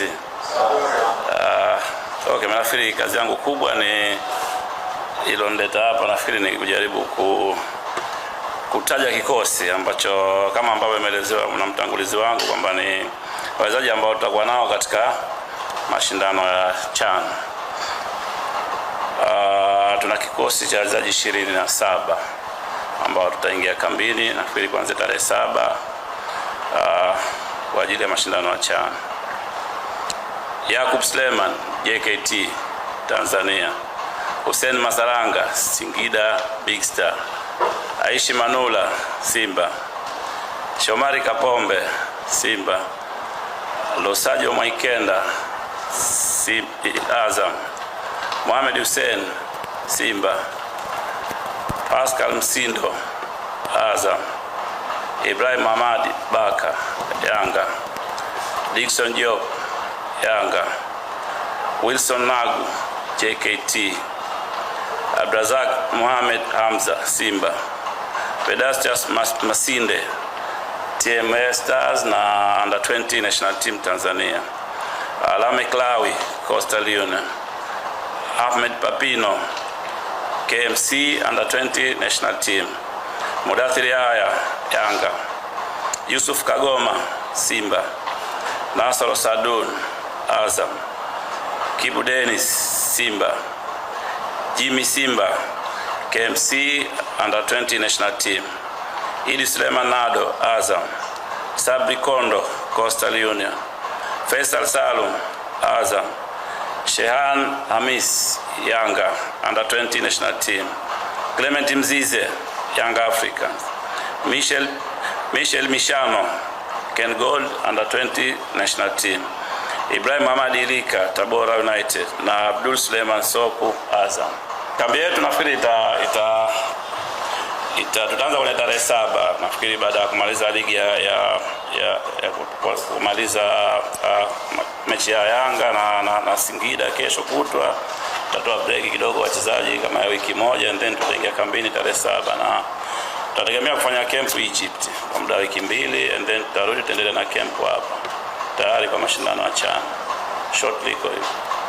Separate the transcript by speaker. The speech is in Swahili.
Speaker 1: hizi
Speaker 2: uh,
Speaker 1: ah, okay, nafikiri kazi yangu kubwa ni ilonileta hapa, nafikiri ni kujaribu ku, kutaja kikosi ambacho kama ambavyo imeelezewa na mtangulizi wangu kwamba ni wachezaji ambao tutakuwa nao katika mashindano ya CHAN. Uh, tuna kikosi cha wachezaji ishirini na saba ambao tutaingia kambini nafikiri kuanzia tarehe saba uh, kwa ajili ya mashindano ya CHAN. Yakub sleman JKT Tanzania, Hussein Masaranga Singida Big Star, Aishi Manula Simba, Shomari Kapombe Simba, Losajo Mwaikenda eh, Azam, Mohamed Hussein Simba, Pascal Msindo Azam, Ibrahim Ahmad Baka Yanga, Dickson Job Yanga, Wilson Magu JKT, Abdrazak Mohamed Hamza Simba, Vedastius Masinde TMA Stars na under 20 national team Tanzania, Alame Klawi Coastal Union, Ahmed Papino KMC under 20 national team, Mudathiri Aya Yanga, Yusuf Kagoma Simba, Nasoro Sadun Azam, Kibu Dennis Simba, Jimmy Simba KMC under 20 national team, Idi Suleiman Nado Azam, Sabri Kondo Coastal Union, Faisal Salum Azam, Shehan Hamis Yanga under 20 national team, Clement Mzize Young Africans, Michel Michel Mishano Ken Gold under 20 national team. Ibrahim Ahmad Ilika Tabora United na Abdul Suleiman Sopu Azam. Kambi yetu nafikiri ita, ita, ita tutaanza kwenye tarehe saba nafikiri baada ya kumaliza ligi ya, ya, ya, ya kumaliza uh, mechi ya Yanga na, na, na Singida kesho kutwa tutatoa break kidogo wachezaji kama ya wiki moja and then tutaingia kambini tarehe saba na tutategemea kufanya camp Egypt kwa muda wiki mbili and then tutarudi tuendelee na camp hapa tayari kwa mashindano ya CHAN shortly. Kwa hivyo